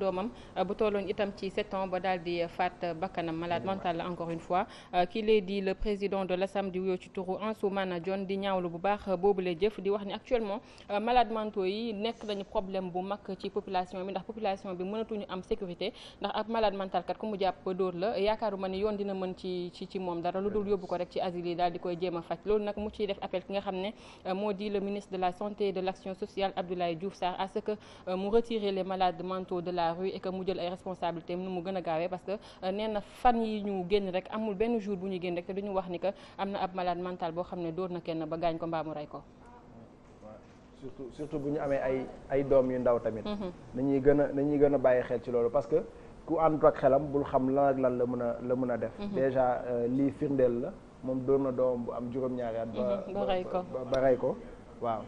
doomam euh, bu tolloon itam ci sept ans ba daal di euh, faat euh, bakkanam malade mental la encore une fois ki lay di le président de l'Assemblée di wuyoo ci turu Ansoumana Dione di ñaawlu bu baax boobule jëf di wax ni actuellement malade mentaux yi nekk nañu problème bu mag ci population bi ndax population bi mënatuñu am sécurité ndax ab malade mental kat ku mu jàpp ba dóor la yaakaaruma ni yoon dina mën ci ci moom dara lu dul yóbbu ko rek ci asile yi daal di a la rue et que mu jël ay responsabilités nu mu gën a gaawee parce que euh, nee na fan yi ñu génn rek amul benn jour bu ñu génn rek te duñu wax ni que am na ab malade mental boo xam ne dóor na kenn ba gaañ ko mbaa mu rey ko. surtout surtout bu ñu amee ay ay doom yu ndaw tamit. dañuy mm-hmm. gën a dañuy gën a bàyyi xel ci loolu parce que ku àndut ak xelam bul xam lan lan la mën a la mën a def. Mm-hmm. déjà euh, lii firndeel la moom doon na doom bu am juróom-ñaari at. ba mm-hmm. rey ko ba ko waaw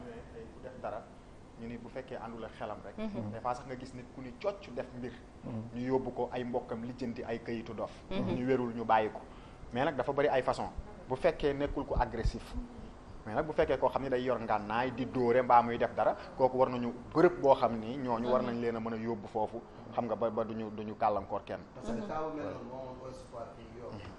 ñu ni bu fekkee àndul ak xelam rek mhm. des fois sax nga gis nit ku ni cocc def mbir mhm. ñu yóbbu ko ay mbokkam lijjanti ay kayitu dof mhm. ñu wérul ñu bàyyi ko mais nag dafa bari ay façon bu fekkee nekkul ko agressif mais nag bu fekkee koo xam ne day yor ngànnaay di dóore mbaa muy def dara kooku war nañu bërëb boo xam ni ñoo war nañ leen a mën a yóbbu foofu xam nga ba ba duñu duñu kàllankoor kenn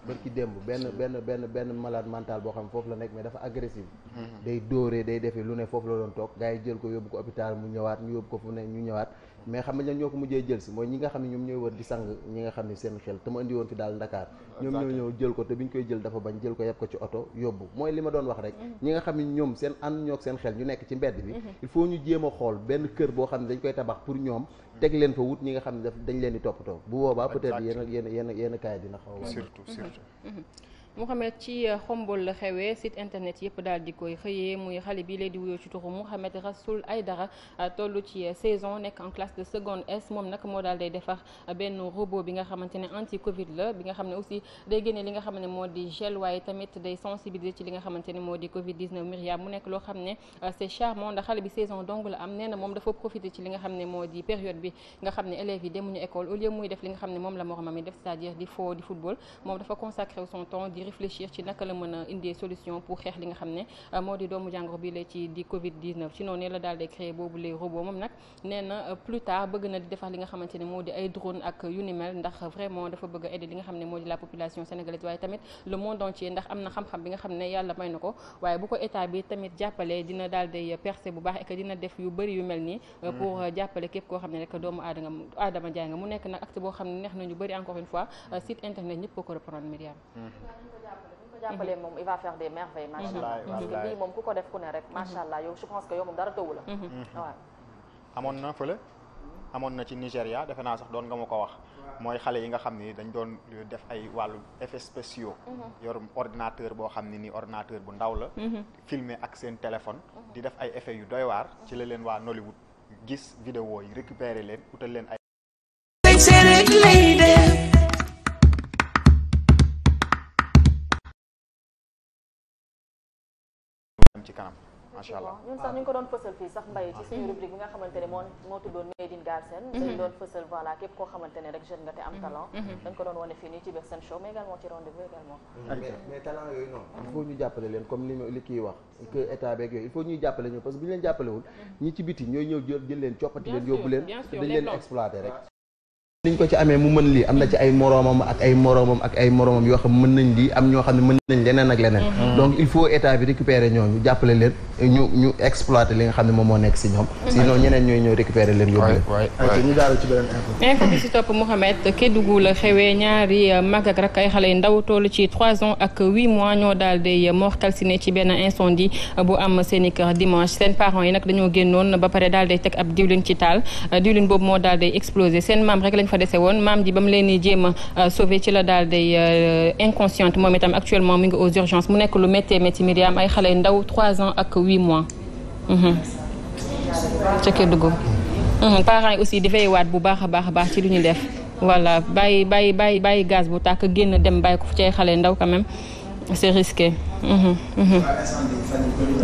bërki mm-hmm. démb benn mm-hmm. benn benn benn malade mental boo xam ne foofu la nekk mais dafa agressif mm-hmm. day dóoree day defee lu ne foofu la doon toog gars yi jël ko yóbbu ko hôpital mu ñëwaat ñu yóbbu ko fu ne ñu ñëwaat mais xam nga ñoo ko mujjee jël si mooy ñi nga xam ne ñoom ñooy wër di sang ñi nga xam seen xel te ma indi woon fi daal Ndakaar ñoom ko te bi koy jël dafa bañ jël ko yeb ko ci oto yóbbu mooy li ma doon wax rek nga xam ne ñoom seen ànd ñoog seen xel ñu nekk ci mbedd bi mhm. il faut ñu jéem a xool benn kër boo xam ne dañ koy tabax pour ñoom mhm. teg leen fa wut ñi nga xam ne daf dañ leen di toppatoo bu boobaa peut-être yenn yenn yenn yenn kaay dina xaw surtout surtout mhm. Mouhamed ci xombol euh, la xewee site internet yëpp daal di koy xëyee muy xale bi lay di wuyoo ci tuxu Mouhamed Rasoul Aydara euh, toll ci euh, saison nekk en classe de seconde S moom nag moo daal day defar benn robot bi nga xamante ne anti Covid la bi nga xam ne aussi day génne xam ne moo di gel waaye tamit day sensibiliser ci li nga xamante ne moo di Covid 19 Myriam mu nekk loo xam ne c'est charmant ndax xale bi saison dong la am nee moom dafa profiter ci li nga xam ne moo di période bi nga xam ne élèves yi demuñu école au lieu xam ne moom la moromam yi réfléchir ci naka la mën a indee solution pour xeex li nga xam ne euh, moo di doomu jàngoro bi la ci di Covid 19 ci noonu la daal di créé boobu les robots moom nag nee na euh, plus tard bëgg na defar li nga xamante ne moo di ay drone ak yu ni mel ndax vraiment dafa bëgg a li nga xam ne moo di la population sénégalaise waaye tamit le monde entier ndax am na xam-xam bi nga xam ne yàlla may na ko waaye bu ko état bi tamit jàppale dina daal di percer bu baax et dina def yu bëri yu mel nii euh, pour mm-hmm. jàppale képp koo xam ne rek doomu aadama aadama jaay mu nekk nag acte boo xam neex nañu bëri encore une fois site internet ñëpp ko ko jàppale mhm. moom il va faire des merveilles macha mhm. allah parce que moom ku ko def ku ne rek mhm. macha allah yow je pense que yow moom dara tëwu la amoon na fële amoon na ci Nigéria defe naa sax doon nga ma ko wax mooy xale yi nga xam ni dañ doon def ay wàllu effets spéciaux yor ordinateur boo xam ni ordinateur bu ndaw la filmer ak seen téléphone di def ay effets yu doy waar ci la leen waa Nollywood gis vidéo yi récupérer leen utal leen ay kanam macha allah ñun sax ñu ngi ko doon fësal fii sax mbay ci ah. suñu rubrique bi nga xamante moo tuddoon Made in Galsen mhm. nga te am mhm. talent mhm. dañ ko doon wane fii nii ci biir seen show mais également ci rendez-vous également mais talent yooyu noonu il faut ñu jàppale leen comme li kii wax que état beeg yooyu il faut ñuy jàppale ñoom parce bu ñu leen jàppalewul ñi ci biti ñooy ñëw jël leen coppati leen yóbbu leen dañ leen exploité rek niñ ko ci amee mu mën lii am na ci ay moroomam ak ay moroomam ak ay yoo xam mën nañ lii am ñoo xam ne mën nañ leneen ak leneen mm-hmm. donc il faut état bi récupérer ñooñu jàppale leen ñu ñu li nga xam ne moom nekk si ñoom mm-hmm. sinon ñeneen ñooy ñëw récupérer leen yóbbu leen ñu euh, euh, incendie euh, bu am seeni dimanche seen parents yi nag dañoo génnoon ba pare daal di teg ab diwlin ci taal diwlin boobu moo daal di explosé seen maam rek lañ fa dese woon maam ji ba mu leen di jéem a euh, sauver ci la daal day euh, inconsciente moom itam actuellement mu ngi aux urgences mu nekk lu méttee métti Myriam ay xale ndaw 3 ans ak 8 mois. Mhm. ca kër dugub. Mhm. parents yi aussi di veillé waat bu baax a baax a baax ci lu ñu def voilà bàyyi bàyyi bàyyi bàyyi gaz bu tàkk génn dem bàyyi ko ci ay xale ndaw quand même c'est mhm.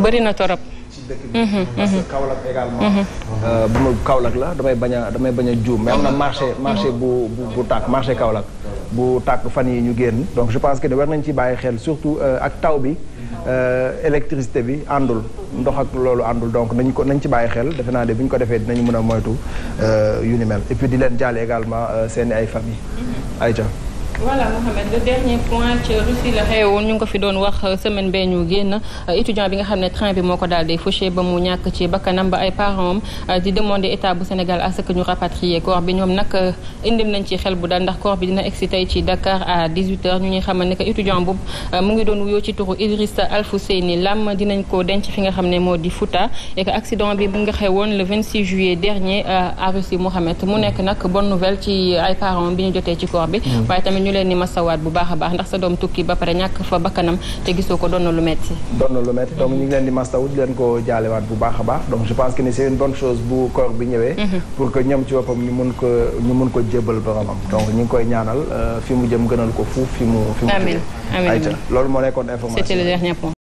bëri na torop. ci dëkk bi. Mhm, mhm. également. Mhm. Euh, bu ma Kaolack la damay bañ damay bañ a juum mais am na marché marché bu bu bu tàkk marché Kaolack. bu tàkk fan yi ñu génn donc je pense que ne war nañ ci bàyyi xel surtout euh, ak taw bi euh, électricité bi àndul ndox ak loolu àndul donc nañ ko nañ ci bàyyi xel defe naa ne bu ñu ko defee dinañ mën a moytu yu ni mel et puis di leen jaale également seen ay famille ay ayca voilà Mouhamed le dernier point ci Russie la xewoon ñu ngi ko fi doon wax semaine bee ñu génn étudiant bi nga xam ne train bi moo ko daal de fauché ba mu ñàkk ci bakkanam ba ay parents am di demander bu Sénégal à ce que ñu rapatrier corps bi ñoom nag indil nañ ci xel bu daal ndax corps bi dina egsi tey ci Dakar à 18 ñu ñuy xamal ne que étudiant boobu mu ngi doon wuyoo ci turu Idrissa Alfouseyni Lam dinañ ko denc fi nga xam ne moo di Fouta et que accident bi bu nga xewoon le 26 juillet dernier euh, à Russie Mouhamed mu nekk nag bonne nouvelle ci ay parents bi ñu jotee ci corps bi mm. waaye tamit ñu leen ni masawaat bu baax a baax ndax sa doom tukki ba pare ñàkk fa bakkanam te gisoo ko doon lu metti doon lu metti donc ñu leen di masawu di leen ko jaalewaat bu baax a baax donc je pense que ni c'est une chose bu corps bi ñëwee mm-hmm. pour que ñoom ci boppam ñu mun ko ko jébbal boromam donc ñu ngi koy ñaanal euh, fi mu jëm gënal ko fuuf fi mu fi mu amiin loolu moo nekkoon information